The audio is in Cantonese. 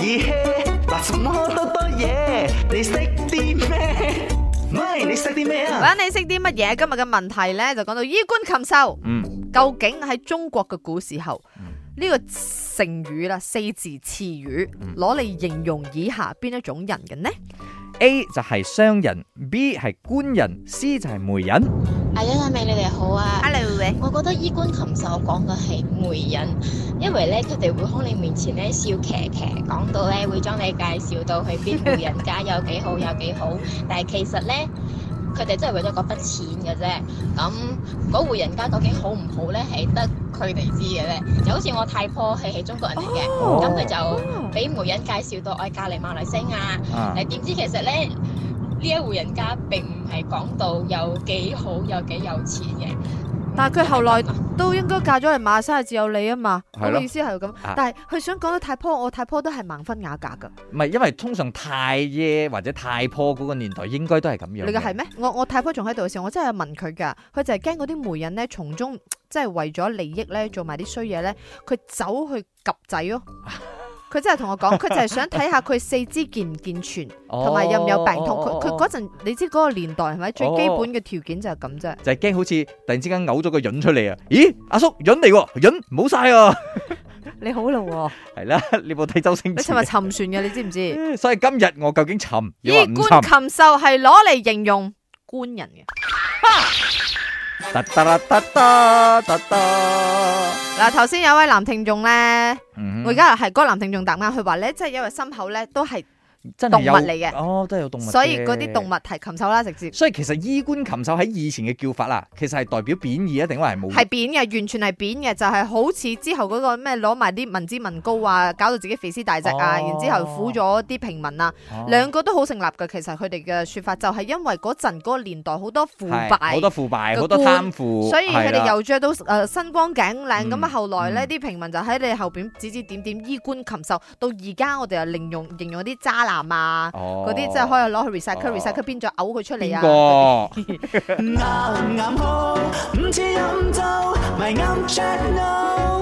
二嘿，嗱、yeah, you know，什麼多多嘢？你識啲咩？唔係，你識啲咩啊？嗱，你識啲乜嘢？今日嘅問題咧就講到衣冠禽獸。嗯，mm. 究竟喺中國嘅古時候，呢、mm. 個成語啦，四字詞語，攞嚟、mm. 形容以下邊一種人嘅呢？A 就係商人，B 係官人，C 就係媒人。阿啊，阿美，你哋好啊，Hello，我覺得衣冠禽獸講嘅係媒人，因為咧佢哋會喺你面前咧笑騎騎，講到咧會將你介紹到去邊戶人家有幾好有幾好，但係其實咧，佢哋真係為咗嗰筆錢嘅啫。咁嗰戶人家究竟好唔好咧，係得佢哋知嘅咧。就好似我太婆係喺中國人嚟嘅，咁佢、oh. 就俾媒人介紹到我隔籬馬來西亞，誒點、uh. 知其實咧？呢一戶人家並唔係講到有幾好有幾有錢嘅，但係佢後來都應該嫁咗人馬生只有你啊嘛。對咯 我意思係咁，啊、但係佢想講到太婆，我太婆都係盲婚啞嫁噶。唔係，因為通常太爺或者太婆嗰個年代應該都係咁樣。你嘅係咩？我我太婆仲喺度嘅時候，我真係問佢㗎，佢就係驚嗰啲媒人咧，從中即係、就是、為咗利益咧做埋啲衰嘢咧，佢走去及仔咯。啊佢真係同我講，佢就係想睇下佢四肢健唔健全，同埋 有唔有，有病痛。佢佢嗰陣，你知嗰個年代係咪 最基本嘅條件就係咁啫？就係驚好似突然之間嘔咗個卵出嚟啊！咦，阿叔，卵嚟喎，卵唔好晒啊！ 你好咯，哦，係啦， 你冇睇周星馳，你尋日沉船嘅，你知唔知？ 所以今日我究竟沉，沉？衣冠禽獸係攞嚟形容官人嘅。 噠噠啦噠噠噠噠。嗱，頭先、啊、有位男聽眾咧，嗯、哼我而家又係嗰個男聽眾答啱，佢話咧，即、就、係、是、因為心口咧都係。真係動物嚟嘅，哦，都係有動物。所以嗰啲動物係禽獸啦，直接。所以其實衣冠禽獸喺以前嘅叫法啦，其實係代表貶義啊，定話係冇？係貶嘅，完全係貶嘅，就係、是、好似之後嗰個咩攞埋啲民脂民膏啊，搞到自己肥屍大隻啊，哦、然後之後苦咗啲平民啊，兩、哦、個都好成立嘅。其實佢哋嘅說法就係、是、因為嗰陣嗰個年代好多，多腐敗，好貪多腐敗，好多貪腐，所以佢哋又着到誒身、呃、光頸靚。咁啊、嗯，嗯、後來呢啲平民就喺你後邊指指點點，衣冠禽獸。到而家我哋又形容形容啲渣啊嘛，嗰啲即係可以攞去 recycle，recycle 變咗嘔佢出嚟啊。唔唔啱，啱。